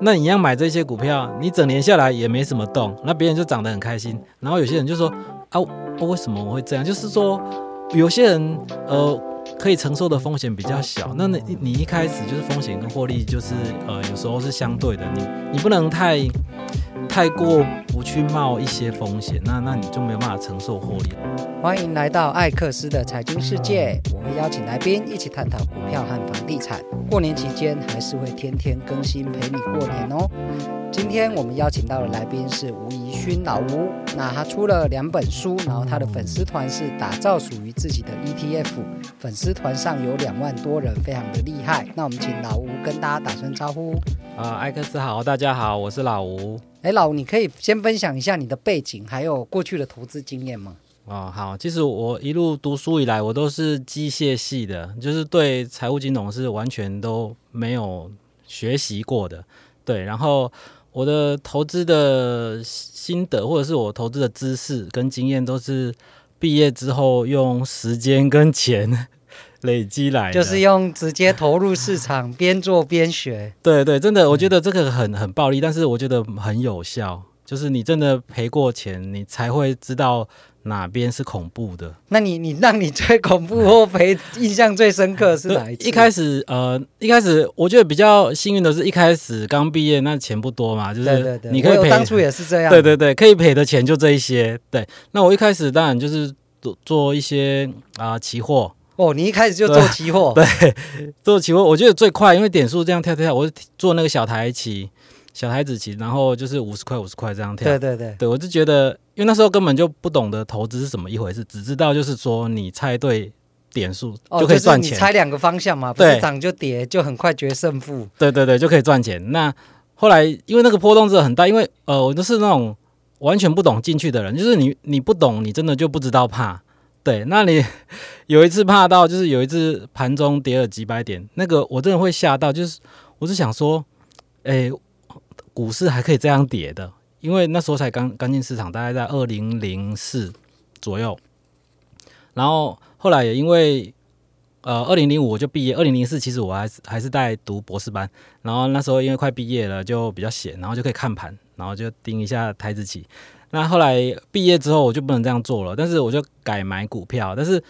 那你要買這些股票，你整年下來也沒什麼動，那別人就漲得很開心。然後有些人就說啊，為什麼我會這樣？就是說，有些人呃，可以承受的風險比較小。那你你一開始就是風險跟獲利就是呃，有時候是相對的。你你不能太太過。不去冒一些風險，那那你就沒有辦法承受獲利。歡迎來到艾克斯的財經世界，我會邀請來賓一起探討股票和房地產。過年期間還是會天天更新，陪你過年哦。今天我們邀請到的來賓是吳宜勳老吳，那他出了兩本書，然後他的粉絲團是打造屬於自己的 ETF，粉絲團上有兩萬多人，非常的厲害。那我們請老吳跟大家打聲招呼。啊、呃，艾克斯好，大家好，我是老吳。哎，老吳你可以先。分享一下你的背景，還有過去的投資經驗嗎？哦，好，其實我一路讀書以來，我都是機械系的，就是對財務金融是完全都沒有學習過的。對，然後我的投資的心得，或者是我投資的知識跟經驗，都是畢業之後用時間跟錢累積來的，就是用直接投入市場，邊做邊學。 對對，真的，我覺得這個很很暴力，但是我覺得很有效。就是你真的賠過錢，你才會知道哪邊是恐怖的。那你你讓你最恐怖或賠印象最深刻是哪一次？ 一開始呃，一開始我覺得比較幸運的是，一開始剛畢業那錢不多嘛，就是你可以賠，對對對，當初也是這樣。對對對，可以賠的錢就這一些。對，那我一開始當然就是做做一些啊、呃、期貨。哦，你一開始就做期貨。對，做期貨我覺得最快，因為點數這樣跳跳跳，我做那個小台期。小孩子騎，然後就是五十塊五十塊這樣跳。對對對，對我就覺得，因為那時候根本就不懂得投資是怎麼一回事，只知道就是說你猜對點數，哦、就可以賺錢，你猜兩個方向嘛，不是漲就跌，對就很快決勝負。對對對，就可以賺錢。那後來因為那個波動值很大，因為呃，我就是那種完全不懂進去的人，就是你你不懂，你真的就不知道怕。對，那你有一次怕到就是有一次盤中跌了幾百點，那個我真的會嚇到，就是我是想說，哎、欸。股市還可以這樣跌的？因為那時候才剛剛進市場，大概在二零零四左右。然後後來也因為，呃，二零零五我就畢業，二零零四其實我還是還是在讀博士班。然後那時候因為快畢業了，就比較閒，然後就可以看盤，然後就盯一下台指期。那後來畢業之後，我就不能這樣做了，但是我就改買股票，但是。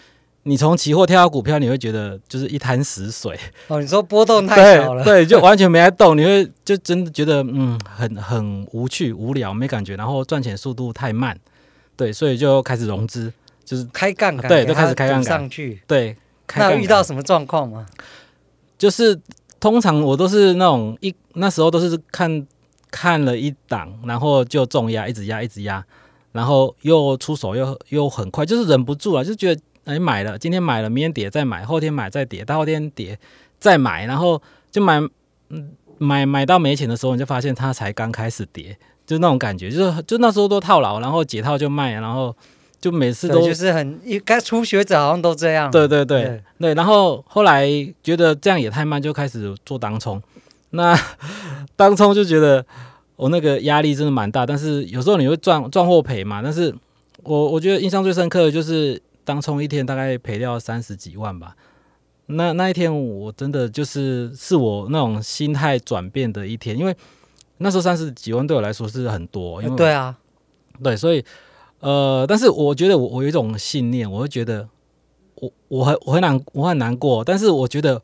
你從期貨跳到股票，你會覺得就是一潭死水哦。你說波動太小了，對，對，就完全沒在動。 你會就真的覺得嗯，很很無趣、無聊，沒感覺。然後賺錢速度太慢，對，所以就開始融資，就是開槓桿，對，給他 就開始開槓桿上去。對，那遇到什麼狀況嗎？就是通常我都是那種一那時候都是看看了一檔，然後就重壓，一直壓，一直壓，然後又出手，又又很快，就是忍不住了，啊，就覺得。哎，買了，今天買了，明天跌再買，後天買再跌，到後天跌再買，然後就買，嗯，買買到沒錢的時候，你就發現它才剛開始跌，就那種感覺，就是就那時候都套牢，然後解套就賣，然後就每次都就是很，應該初學者好像都這樣。對對對對，對，然後後來覺得這樣也太慢，就開始做當沖，那當沖就覺得我那個壓力真的蠻大，但是有時候你會賺賺或賠嘛，但是我我覺得印象最深刻的就是。當沖一天大概賠掉三十幾萬吧，那那一天我真的就是是我那種心態轉變的一天，因為那時候三十幾萬對我來說是很多，呃、對啊，對，所以呃，但是我覺得我我有一種信念，我會覺得我我很我很難我很難過，但是我覺得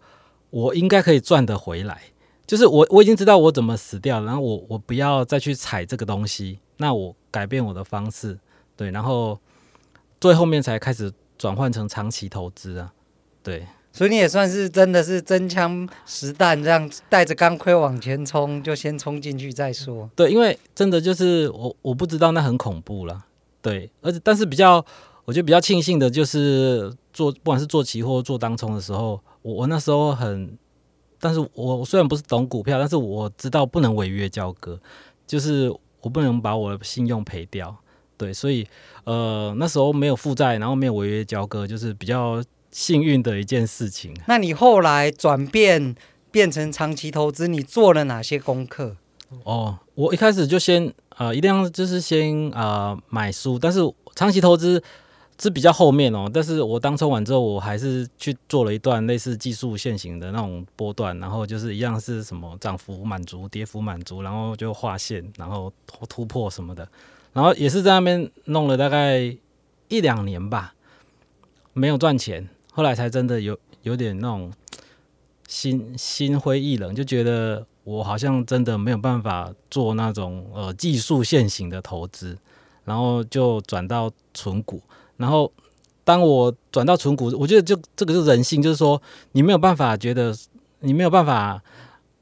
我應該可以賺得回來，就是我我已經知道我怎麼死掉，然後我我不要再去踩這個東西，那我改變我的方式，對，然後。最後面才開始轉換成長期投資啊，對，所以你也算是真的是真槍實彈這樣帶着鋼盔往前衝，就先衝進去再說。對，因為真的就是我我不知道那很恐怖啦，對，而且但是比較我就比較慶幸的就是做不管是做期貨做當衝的時候，我我那時候很，但是我我雖然不是懂股票，但是我知道不能違約交割，就是我不能把我的信用賠掉。對，所以呃，那時候沒有負債，然後沒有違約交割，就是比較幸運的一件事情。那你後來轉變變成長期投資，你做了哪些功課？哦，我一開始就先呃，一定要就是先啊、呃、買書，但是長期投資是比較後面哦。但是我當沖完之後，我還是去做了一段類似技術線型的那種波段，然後就是一樣是什麼漲幅滿足、跌幅滿足，然後就畫線，然後突破什麼的。然後也是在那邊弄了大概一兩年吧，沒有賺錢，後來才真的有有點那種心心灰意冷，就覺得我好像真的沒有辦法做那種呃技術線型的投資，然後就轉到存股。然後當我轉到存股，我覺得就這個就是人性，就是說你沒有辦法，覺得你沒有辦法。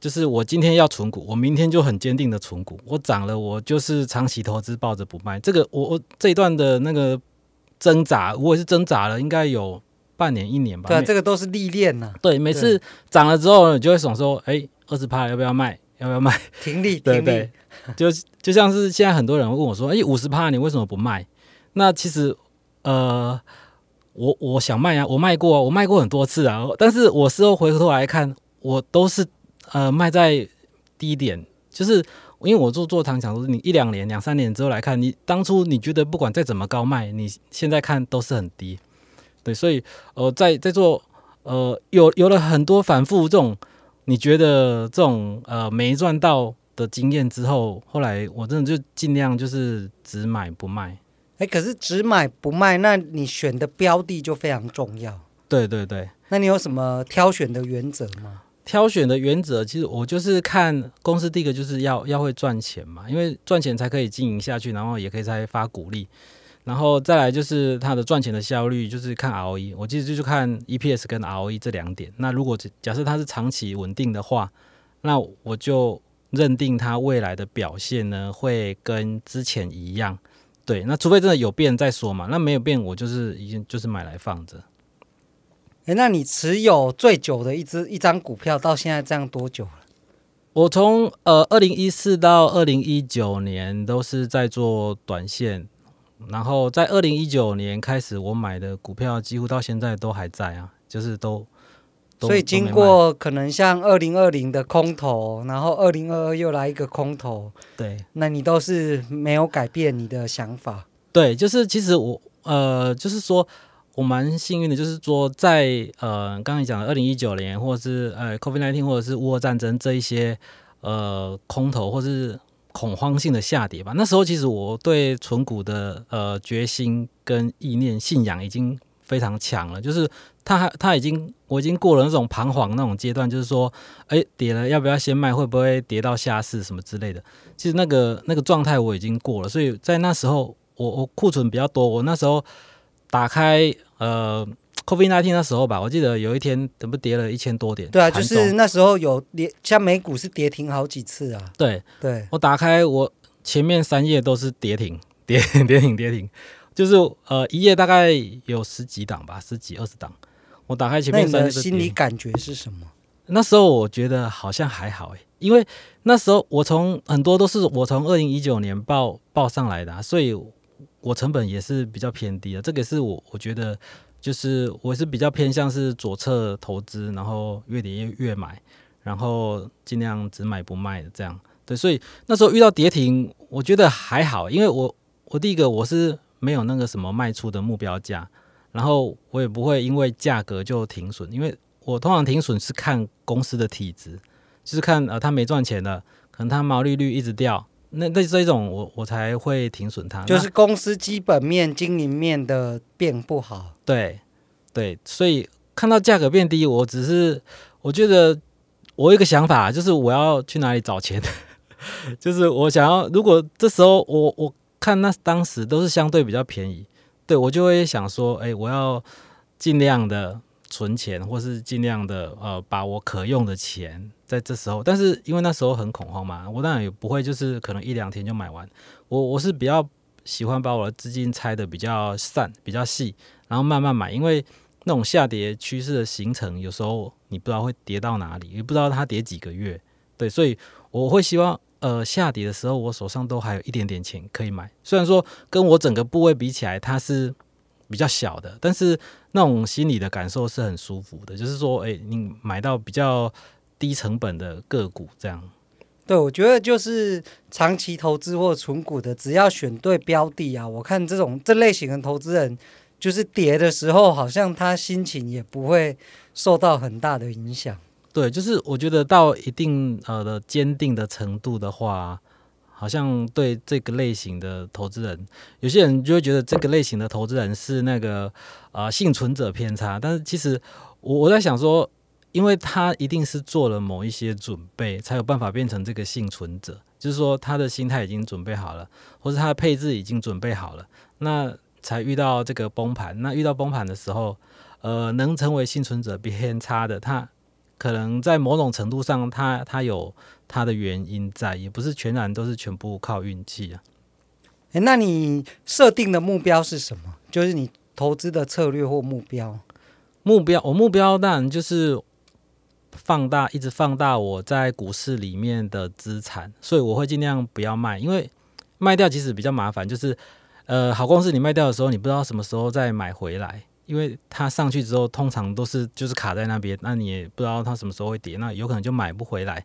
就是我今天要存股，我明天就很堅定的存股。我漲了，我就是長期投資，抱着不賣。這個我我這一段的那個掙扎，我也是掙扎了，應該有半年一年吧。對、啊，每這個都是歷練呢、啊。對，每次漲了之後，你就會想說，哎對，二十趴要不要賣？要不要賣？停利停利。 對,對，力就就像是現在很多人問我說，哎，五十趴你為什麼不賣？那其實呃，我我想賣啊，我賣過、啊，我賣過很多次啊。但是我事後回頭來看，我都是。呃，賣在低點，就是因為我做做長想說你一兩年、兩三年之後來看，你當初你覺得不管再怎麼高賣，你現在看都是很低，對，所以呃，在在做呃有有了很多反覆這種你覺得這種呃沒賺到的經驗之後，後來我真的就盡量就是只買不賣。哎、欸，可是只買不賣，那你選的標的就非常重要。對對對，那你有什麼挑選的原則嗎？挑選的原則，其實我就是看公司，第一個就是要要會賺錢嘛，因為賺錢才可以經營下去，然後也可以再發股利。然後再來就是它的賺錢的效率，就是看 ROE，我其實就是看 EPS 跟 ROE 這兩點。那如果假設它是長期穩定的話，那我就認定它未來的表現呢會跟之前一樣。對，那除非真的有變再說嘛，那沒有變我就是已經就是買來放着。誒那你持有最久的一隻一張股票到現在這樣多久了？我從呃二零一四到二零一九年都是在做短線，然後在二零一九年開始我買的股票幾乎到現在都還在啊，就是都、都。所以經過可能像二零二零的空頭，然後二零二二又來一個空頭。對，那你都是沒有改變你的想法？對，就是其實我呃，就是說。我蠻幸運的，就是說在呃，剛才講的二零一九年，或者是呃，COVID-19，或者是烏俄戰爭這一些呃空頭或者是恐慌性的下跌吧。那時候其實我對存股的呃決心跟意念、信仰已經非常強了，就是它它已經我已經過了那種彷徨那種階段，就是說哎、欸、跌了要不要先賣，會不會跌到下市什麼之類的。其實那個那個狀態我已經過了，所以在那時候我我庫存比較多，我那時候。打開呃，COVID-19 的時候吧，我記得有一天怎麼跌了一千多點。對啊，中就是那時候有跌，像美股是跌停好幾次啊。對對，對我打開我前面三頁都是跌停，跌、跌停跌停，就是呃，一頁大概有十幾檔吧，十幾二十檔。我打開前面三頁。那你的的心理感覺是什麼？那時候我覺得好像還好誒、欸，因為那時候我從很多都是我從二零一九年報報上來的、啊，所以。我成本也是比較偏低的。這個是我我覺得就是我是比較偏向是左側投資，然後越跌越越買，然後儘量只買不賣的這樣。對，所以那時候遇到跌停，我覺得還好，因為我我第一個我是沒有那個什麼賣出的目標價，然後我也不會因為價格就停損，因為我通常停損是看公司的體質，就是看呃他沒賺錢的，可能他毛利率一直掉。那那這一種我，我我才會停損它，就是公司基本面、那經營面的變不好。對對，所以看到價格變低，我只是我覺得我有一個想法就是我要去哪裡找錢？ 就是我想要，如果這時候我我看那當時都是相對比較便宜，對我就會想說，哎、欸，我要儘量的存錢，或是儘量的呃，把我可用的錢。在這時候，但是因為那時候很恐慌嘛，我當然也不會就是可能一兩天就買完。我我是比較喜歡把我的資金拆得比較散，比較細，然後慢慢買。因為那種下跌趨勢的形成，有時候你不知道會跌到哪裡，也不知道它跌幾個月。對，所以我會希望，呃，下跌的時候我手上都還有一點點錢可以買。雖然說跟我整個部位比起來它是比較小的，但是那種心理的感受是很舒服的。就是說，誒、欸，你買到比較。低成本的個股，這樣，對，我覺得就是長期投資或存股的，只要選對標的啊，我看這種這類型的投資人，就是跌的時候，好像他心情也不會受到很大的影響。對，就是我覺得到一定呃的堅定的程度的話，好像對這個類型的投資人，有些人就會覺得這個類型的投資人是那個啊、呃、倖存者偏差，但是其實我我在想說。因為他一定是做了某一些準備，才有辦法變成這個倖存者。就是說，他的心態已經準備好了，或是他的配置已經準備好了，那才遇到這個崩盤。那遇到崩盤的時候，呃，能成為倖存者比別人差的，他可能在某種程度上，他他有他的原因在，也不是全然都是全部靠運氣啊。誒、欸，那你設定的目標是什麼？就是你投資的策略或目標？目標，我、哦、目標當然就是。放大，一直放大我在股市裡面的資產，所以我會盡量不要賣，因為賣掉其實比較麻煩。就是呃，好公司你賣掉的時候，你不知道什麼時候再買回來，因為它上去之後通常都是就是卡在那邊，那你也不知道它什麼時候會跌，那有可能就買不回來。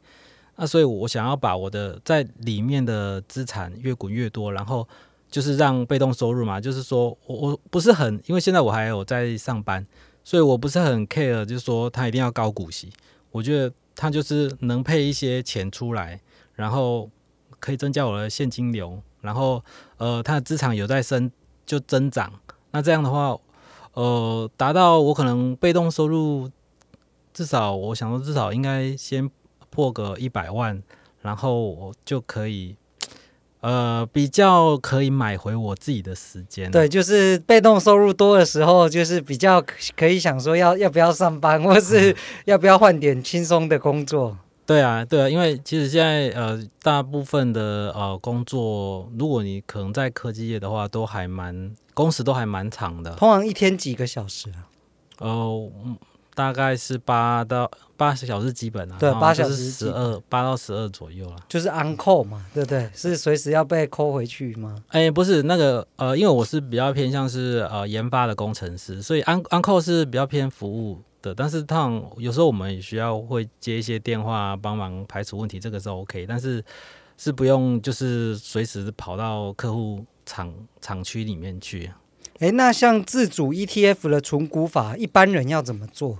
那、啊、所以，我想要把我的在裡面的資產越滾越多，然後就是讓被動收入嘛。就是說我我不是很，因為現在我還有在上班，所以我不是很 care，就是說它一定要高股息。我覺得他就是能配一些錢出來，然後可以增加我的現金流，然後呃，他的資產有在升就增長。那這樣的話，呃，達到我可能被動收入至少，我想說至少應該先破個一百萬，然後我就可以。呃，比較可以買回我自己的時間啊。對，就是被動收入多的時候，就是比較可以想說要要不要上班，或是要不要換點輕鬆的工作。嗯。對啊，對啊，因為其實現在呃，大部分的呃工作，如果你可能在科技業的話，都還蠻工時都還蠻長的，通常一天幾個小時啊？呃。大概是八到八十小時基本啊，對，八小時十二八到十二左右啊。就是安扣嘛，對對，是隨時要被扣回去嗎？哎，不是那個呃，因為我是比較偏向是呃研發的工程師，所以安安扣是比較偏服務的。但是像有時候我們也需要會接一些電話，幫忙排除問題，這個是 OK。但是是不用就是隨時跑到客戶廠廠區裡面去。哎，那像自主 ETF 的存股法，一般人要怎麼做？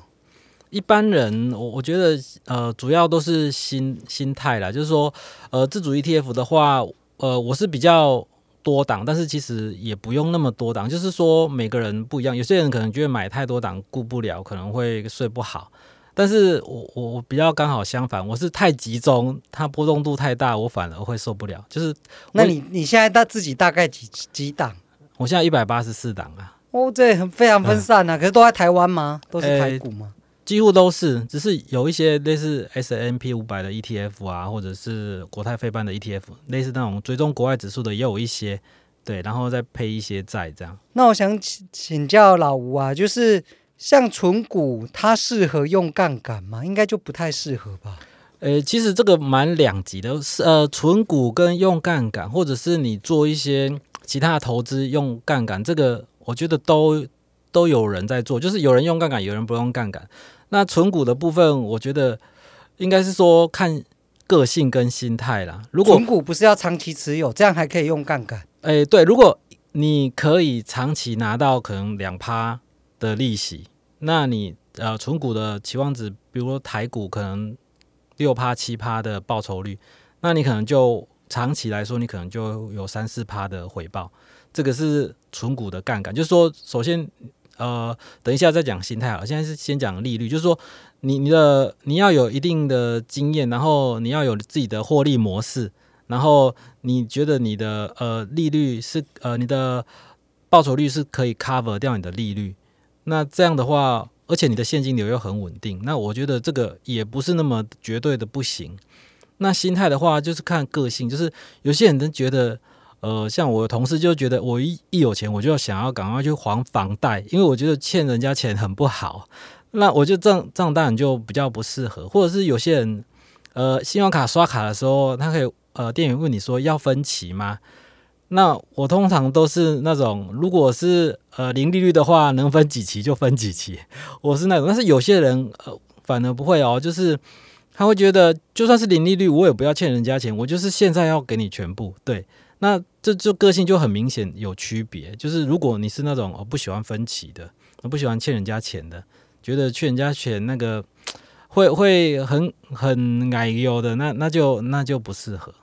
一般人，我我覺得，呃，主要都是心心態啦，就是說，呃，自主 ETF 的話，呃，我是比較多檔，但是其實也不用那麼多檔，就是說每個人不一樣，有些人可能覺得買太多檔顧不了，可能會睡不好，但是我我我比較剛好相反，我是太集中，它波動度太大，我反而會受不了。就是那你你現在大自己大概幾幾檔？我現在一百八十四檔啊。哦，這很非常分散啊，嗯、可是都在台灣嗎？都是台股嗎？欸幾乎都是，只是有一些類似 S n P 五百的 E T F 啊，或者是國泰費半的 E T F，類似那種追蹤國外指數的也有一些。對，然後再配一些債這樣。那我想請請教老吳啊，就是像存股，它適合用槓桿嗎？應該就不太適合吧？呃、欸，其實這個蠻兩極的，是呃，存股跟用槓桿，或者是你做一些其他的投資用槓桿，這個我覺得都都有人在做，就是有人用槓桿，有人不用槓桿。那存股的部分，我覺得應該是說看個性跟心態啦。如果存股不是要長期持有，這樣還可以用槓桿。誒。對，如果你可以長期拿到可能兩趴的利息，那你呃存股的期望值，比如說台股可能六趴七趴的報酬率，那你可能就長期來說，你可能就有三四趴的回報。這個是存股的槓桿，就是說首先。呃，等一下再講心態，好，現在是先講利率，就是說你你的你要有一定的經驗，然後你要有自己的獲利模式，然後你覺得你的呃利率是呃你的報酬率是可以 cover 掉你的利率，那這樣的話，而且你的現金流又很穩定，那我覺得這個也不是那麼絕對的不行。那心態的話，就是看個性，就是有些人覺得。呃，像我同事就覺得我一一有錢，我就想要趕快去還房貸，因為我覺得欠人家錢很不好。那我就帳，帳單就比較不適合，或者是有些人，呃，信用卡刷卡的時候，他可以呃，店員問你說要分期嗎？那我通常都是那種，如果是呃零利率的話，能分幾期就分幾期，我是那種。但是有些人呃，反而不會哦，就是他會覺得就算是零利率，我也不要欠人家錢，我就是現在要給你全部，對。那這就，就個性就很明顯有區別，就是如果你是那種哦不喜歡分期的，不喜歡欠人家錢的，覺得欠人家錢那個會會很很哎喲的，那那就那就不適合。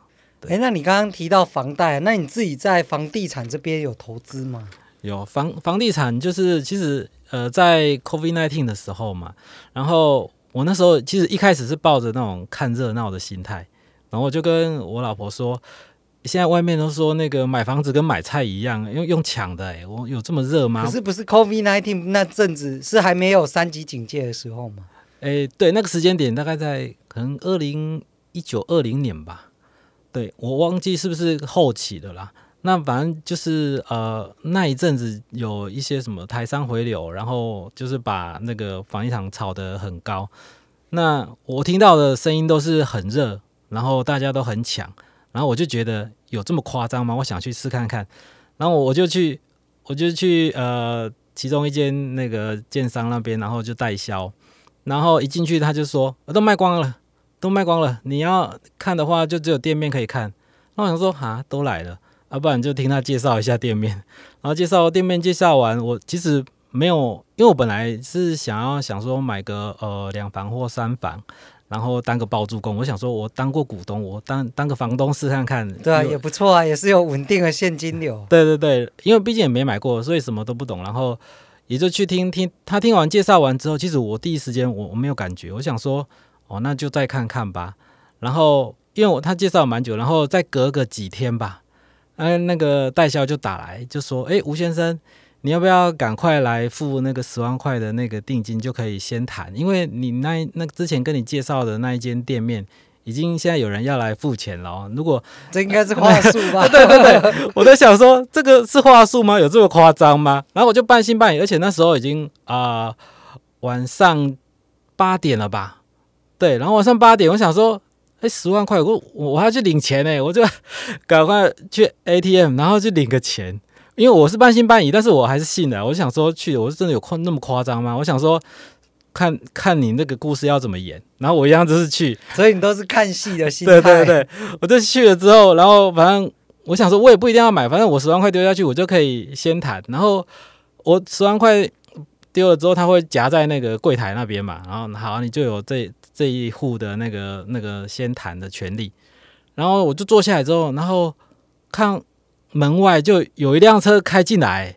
誒、欸，那你剛剛提到房貸，那你自己在房地產這邊有投資嗎？有房房地產就是其實呃在 COVID-19 的時候嘛，然後我那時候其實一開始是抱着那種看熱鬧的心態，然後我就跟我老婆說。現在外面都說那個買房子跟買菜一樣，用用搶的誒，我有這麼熱嗎？可是不是 COVID nineteen 那陣子是還沒有三級警戒的時候嗎？誒，對，那個時間點大概在可能二零一九二零年吧。對，我忘記是不是後期的啦。那反正就是呃，那一陣子有一些什麼台商回流，然後就是把那個房地產炒得很高。那我聽到的聲音都是很熱，然後大家都很搶。然後我就覺得有這麼誇張嗎？我想去試看看。然後我就去，我就去呃，其中一間那個建商那邊，然後就代銷。然後一進去，他就說：“都賣光了，都賣光了。你要看的話，就只有店面可以看。”那我想說：“啊，都來了，啊，不然就聽他介紹一下店面。”然後介紹店面介紹完，我其實沒有，因為我本來是想要想說買個呃兩房或三房。然後當個包租公，我想說，我當過股東，我當當個房東試試看，看，對啊，如果也不錯啊，也是有穩定的現金流、嗯。對對對，因為畢竟也沒買過，所以什麼都不懂，然後也就去聽聽他聽完介紹完之後，其實我第一時間我我沒有感覺，我想說哦，那就再看看吧。然後因為我他介紹了蠻久，然後再隔個幾天吧，嗯、啊，那個代銷就打來就說，哎，吳先生。你要不要趕快來付那個十萬塊的那個定金，就可以先談，因為你那那之前跟你介紹的那一間店面，已經現在有人要來付錢了。如果這應該是話術吧？ 對，對對對，我在想說這個是話術嗎？有這麼誇張嗎？然後我就半信半疑，而且那時候已經啊、呃、晚上八點了吧？對，然後晚上八點，我想說，哎，十萬塊，我我還要去領錢呢，我就趕快去 ATM，然後去領個錢。因為我是半信半疑，但是我還是信的。我想說去，我是真的有空那麼誇張嗎？我想說看看你那個故事要怎麼演，然後我一樣就是去。所以你都是看戲的心態。 對對對，我就去了之後，然後反正我想說我也不一定要買，反正我十萬塊丟下去，我就可以先談。然後我十萬塊丟了之後，他會夾在那個櫃檯那邊嘛，然後好，你就有這這一戶的那個那個先談的權利。然後我就坐下來之後，然後看。門外就有一輛車開進來，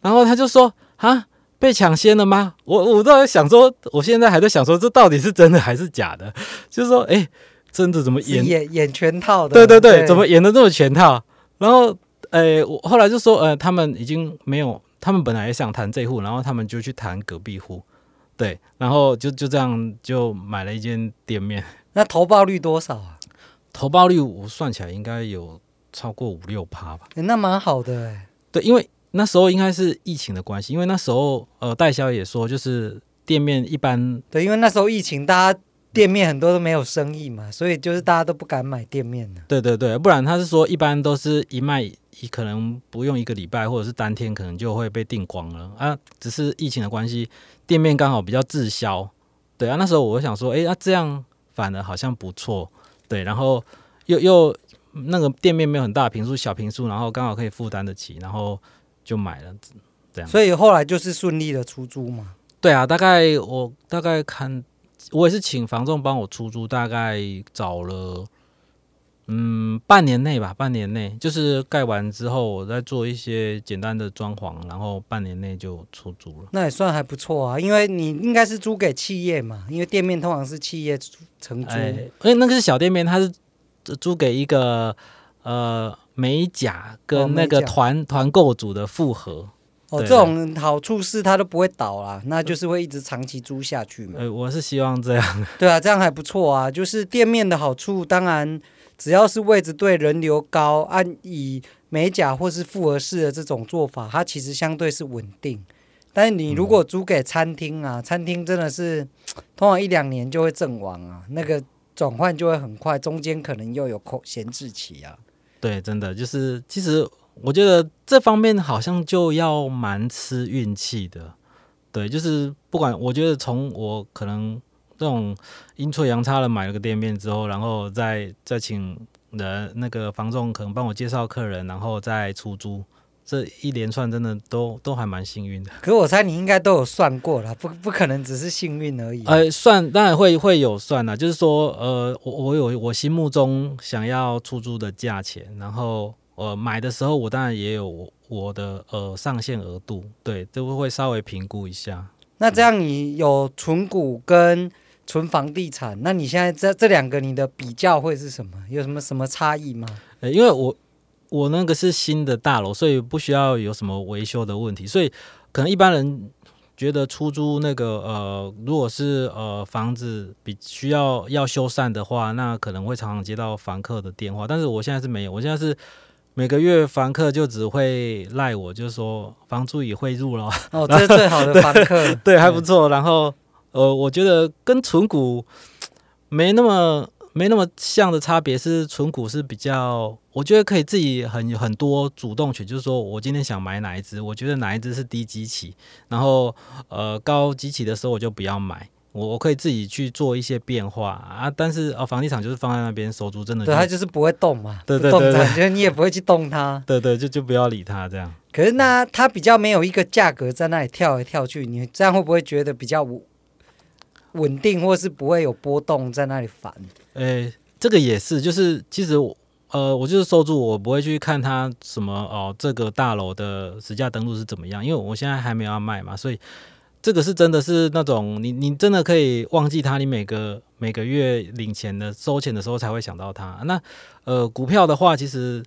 然後他就說：“啊，被搶先了嗎？”我我都在想說，我現在還在想說，這到底是真的還是假的？就是說，哎、欸，真的怎麼演演演全套的？對對對，對怎麼演的這麼全套？然後，呃、欸，我後來就說，呃，他們已經沒有，他們本來也想談這戶，然後他們就去談隔壁戶，對，然後就就這樣就買了一間店面。那投報率多少啊？投報率我算起來應該有。超過五六趴吧，欸、那蠻好的、欸、對，因為那時候應該是疫情的關係，因為那時候呃，代銷也說就是店面一般，對，因為那時候疫情，大家店面很多都沒有生意嘛，嗯、所以就是大家都不敢買店面的、啊。對對對，不然他是說，一般都是一賣一，可能不用一個禮拜或者是當天，可能就會被訂光了啊。只是疫情的關係，店面剛好比較滯銷。對啊，那時候我想說，哎，那、啊、這樣反而好像不錯。對，然後又又。那個店面沒有很大，坪數小坪數，然後剛好可以負擔得起，然後就買了這樣。所以後來就是順利的出租嘛。對啊，大概我大概看，我也是請房仲幫我出租，大概找了嗯半年內吧，半年內就是蓋完之後，我再做一些簡單的裝潢，然後半年內就出租了。那也算還不錯啊，因為你應該是租給企業嘛，因為店面通常是企業承租。哎，欸，那個是小店面，它是。租給一個呃美甲跟那個團、哦、團購組的複合哦，對這種好處是它都不會倒啦、啊，那就是會一直長期租下去嘛。呃，我是希望這樣。對啊，這樣還不錯啊。就是店面的好處，當然只要是位置對、人流高，按、啊、以美甲或是複合式的這種做法，它其實相對是穩定。但是你如果租給餐廳啊，嗯、餐廳真的是通常一兩年就會陣亡啊，那個。轉換就會很快，中間可能又有空閒置期啊。對，真的就是，其實我覺得這方面好像就要蠻吃運氣的。對，就是不管，我覺得從我可能這種陰錯陽差的買了個店面之後，然後再再請人那個房仲可能幫我介紹客人，然後再出租。這一連串真的都都還蠻幸運的，可是我猜你應該都有算過了，不不可能只是幸運而已。啊。呃、欸，算當然會會有算啦，就是說呃，我我有我心目中想要出租的價錢，然後呃買的時候我當然也有我的呃上限額度，對，都會稍微評估一下。那這樣你有存股跟存房地產，嗯、那你現在這這兩個你的比較會是什麼？有什麼什麼差異嗎？呃、欸，因為我。我那個是新的大樓，所以不需要有什麼維修的問題，所以可能一般人覺得出租那個呃，如果是呃房子比需要要修繕的話，那可能會常常接到房客的電話。但是我現在是沒有，我現在是每個月房客就只會賴我，就是說房租已匯入了。哦，這是最好的房客， 對，對，還不錯。對然後呃，我覺得跟存股沒那麼。沒那麼像的差別是，存股是比較，我覺得可以自己很很多主動權，就是說我今天想買哪一隻，我覺得哪一隻是低基期，然後呃高基期的時候我就不要買，我我可以自己去做一些變化啊。但是哦、啊，房地產就是放在那邊，手足真的，它就是不會動嘛，對，對對對，覺對對對你也不會去動它， 對對，就就不要理它這樣。可是那它比較沒有一個價格在那裡跳來跳去，你這樣會不會覺得比較？無？穩定，或是不會有波動在那裡煩。誒，這個也是，就是其實，呃，我就是收租，我不會去看它什麼哦，這個大樓的實價登錄是怎麼樣，因為我現在還沒有要賣嘛，所以這個是真的是那種你你真的可以忘記它，你每個每個月領錢的收錢的時候才會想到它。那呃，股票的話，其實。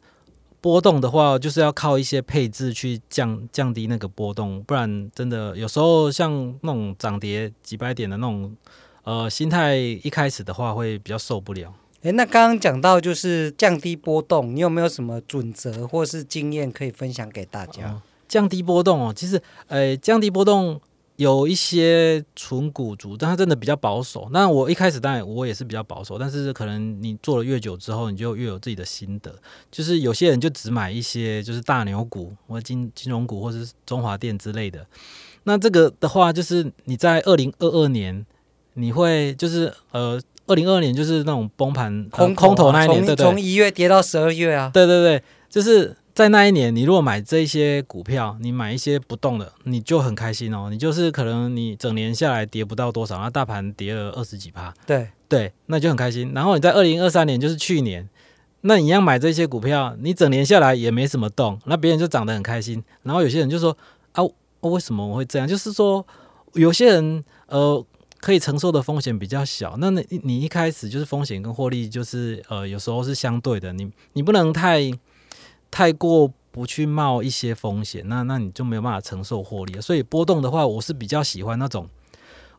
波動的話，就是要靠一些配置去降降低那個波動，不然真的有時候像那種漲跌幾百點的那種，呃，心態一開始的話會比較受不了。哎，那剛剛講到就是降低波動，你有沒有什麼準則或是經驗可以分享給大家？呃，降低波動哦，其實呃，降低波動。有一些存股族，但他真的比較保守。那我一開始當然我也是比較保守，但是可能你做了越久之後，你就越有自己的心得。就是有些人就只買一些就是大牛股，或金金融股，或是中華電之類的。那這個的話，就是你在二零二二年，你會就是呃二零二二年就是那種崩盤空投空頭那一年，從對，對對，從一月跌到十二月啊，對對對，就是。在那一年，你如果買這些股票，你買一些不動的，你就很開心哦。你就是可能你整年下來跌不到多少，那大盤跌了二十幾趴，對對，那就很開心。然後你在二零二三年，就是去年，那你要買這些股票，你整年下來也沒什麼動，那別人就漲得很開心。然後有些人就說啊，啊，為什麼我會這樣？就是說有些人呃，可以承受的風險比較小。那你你一開始就是風險跟獲利就是呃，有時候是相對的，你你不能太。太過不去冒一些風險，那那你就沒有辦法承受獲利了。所以波動的話，我是比較喜歡那種，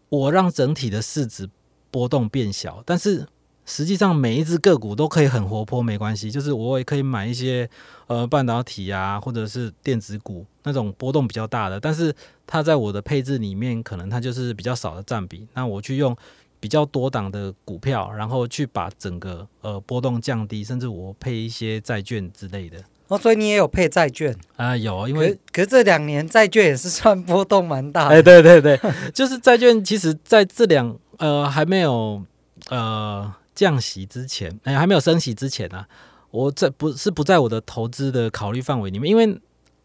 我讓整體的市值波動變小，但是實際上每一隻個股都可以很活潑，沒關係。就是我也可以買一些呃半導體啊，或者是電子股那種波動比較大的，但是它在我的配置裡面可能它就是比較少的佔比。那我去用比較多檔的股票，然後去把整個呃波動降低，甚至我配一些債券之類的。哦，所以你也有配債券啊？呃，有，因為可，可是這兩年債券也是算波動蠻大的。哎，對對對，就是債券，其實在這兩呃還沒有呃降息之前，哎，還沒有升息之前啊，我在不是不在我的投資的考慮範圍裡面，因為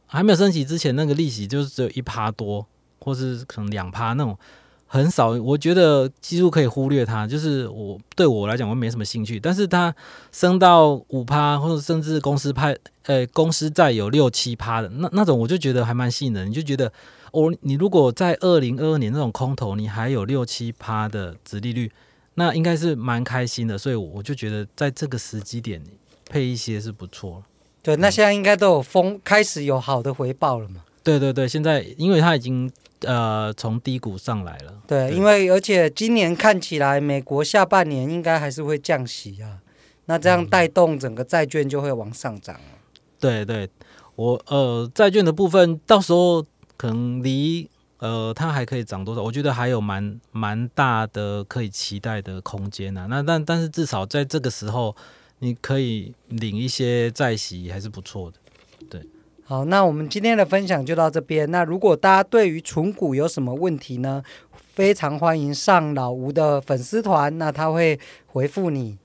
還沒有升息之前那個利息就是只有一趴多，或是可能兩趴那種。很少，我覺得幾乎可以忽略它。就是我對我來講，我沒什麼興趣。但是它升到五趴，或者甚至公司派，呃，公司債有六七趴的那那種，我就覺得還蠻吸引人，你就覺得，哦，你如果在二零二二年那種空頭，你還有六七趴的殖利率，那應該是蠻開心的。所以我就覺得在這個時機點配一些是不錯。對，嗯，那現在應該都有風，開始有好的回報了嘛。對對對，現在因為它已經呃從低谷上來了，對，對，因為而且今年看起來美國下半年應該還是會降息啊，那這樣帶動整個債券就會往上漲了。嗯，對對，我呃債券的部分到時候可能離呃它還可以漲多少，我覺得還有蠻蠻大的可以期待的空間呢，啊。那但但是至少在這個時候你可以領一些債息還是不錯的，對。好，那我們今天的分享就到這邊。那如果大家對於存股有什麼問題呢？非常歡迎上老吳的粉絲團，那他會回復你。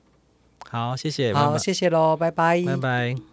好，謝謝。好，拜拜謝謝嘍，拜拜，拜拜。